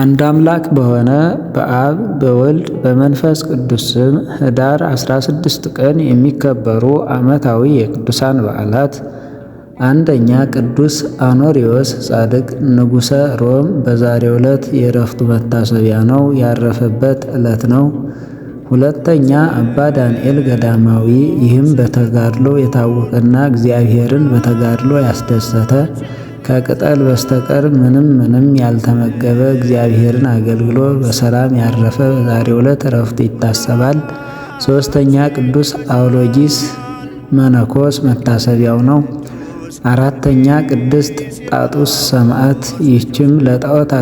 አንድ አምላክ በሆነ በአብ በወልድ በመንፈስ ቅዱስ ስም ህዳር 16 ቀን የሚከበሩ ዓመታዊ የቅዱሳን በዓላት፣ አንደኛ ቅዱስ አኖሪዎስ ጻድቅ ንጉሠ ሮም በዛሬ ዕለት የእረፍቱ መታሰቢያ ነው፣ ያረፈበት ዕለት ነው። ሁለተኛ አባ ዳንኤል ገዳማዊ፣ ይህም በተጋድሎ የታወቀና እግዚአብሔርን በተጋድሎ ያስደሰተ ከቅጠል በስተቀር ምንም ምንም ያልተመገበ እግዚአብሔርን አገልግሎ በሰላም ያረፈ በዛሬው ዕለት እረፍቱ ይታሰባል። ሦስተኛ ቅዱስ አውሎጊስ መነኮስ መታሰቢያው ነው። አራተኛ ቅድስት ጣጡስ ሰማዕት። ይህችም ለጣዖት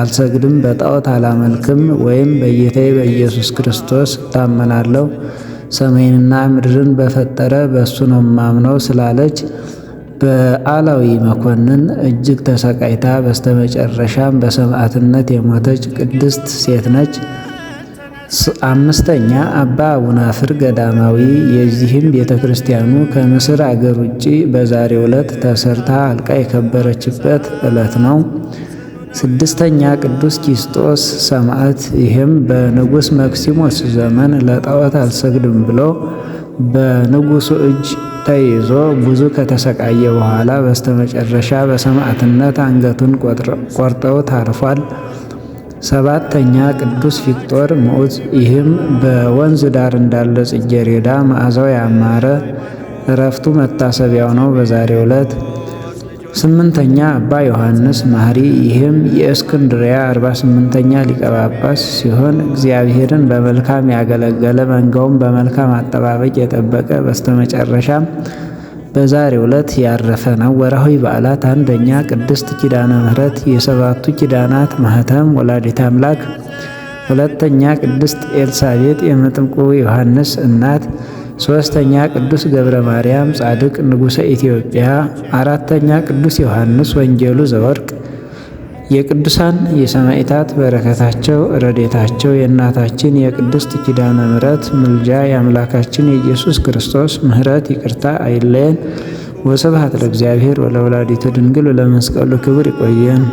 አልሰግድም በጣዖት አላመልክም ወይም በጌታዬ በኢየሱስ ክርስቶስ እታመናለሁ ሰማይንና ምድርን በፈጠረ በእሱ ነው ማምነው ስላለች በአላዊ መኮንን እጅግ ተሰቃይታ በስተመጨረሻም በሰማዕትነት የሞተች ቅድስት ሴት ነች። አምስተኛ አባ አቡናፍር ገዳማዊ። የዚህም ቤተ ክርስቲያኑ ከምስር አገር ውጭ በዛሬው ዕለት ተሰርታ አልቃ የከበረችበት ዕለት ነው። ስድስተኛ ቅዱስ ኪስጦስ ሰማዕት። ይህም በንጉሥ መክሲሞስ ዘመን ለጣዖት አልሰግድም ብሎ በንጉሱ እጅ ተይዞ ብዙ ከተሰቃየ በኋላ በስተመጨረሻ በሰማዕትነት አንገቱን ቆርጠው ታርፏል። ሰባተኛ ቅዱስ ፊቅጦር ምዑት። ይህም በወንዝ ዳር እንዳለ ጽጌረዳ መዓዛው ያማረ እረፍቱ መታሰቢያው ነው። በዛሬው ዕለት ስምንተኛ አባ ዮሐንስ ማህሪ ይህም የእስክንድሪያ አርባ ስምንተኛ ሊቀ ጳጳስ ሲሆን እግዚአብሔርን በመልካም ያገለገለ መንጋውን በመልካም አጠባበቅ የጠበቀ በስተመጨረሻም በዛሬ ዕለት ያረፈ ነው። ወርሃዊ በዓላት አንደኛ ቅድስት ኪዳነ ምሕረት የሰባቱ ኪዳናት ማህተም ወላዲተ አምላክ፣ ሁለተኛ ቅድስት ኤልሳቤጥ የመጥምቁ ዮሐንስ እናት ሶስተኛ ቅዱስ ገብረ ማርያም ጻድቅ ንጉሰ ኢትዮጵያ። አራተኛ ቅዱስ ዮሐንስ ወንጌሉ ዘወርቅ። የቅዱሳን የሰማዕታት በረከታቸው ረዴታቸው የእናታችን የቅድስት ኪዳነ ምሕረት ምልጃ የአምላካችን የኢየሱስ ክርስቶስ ምሕረት ይቅርታ አይለየን። ወስብሐት ለእግዚአብሔር ወለወላዲቱ ድንግል ለመስቀሉ ክቡር ይቆየን።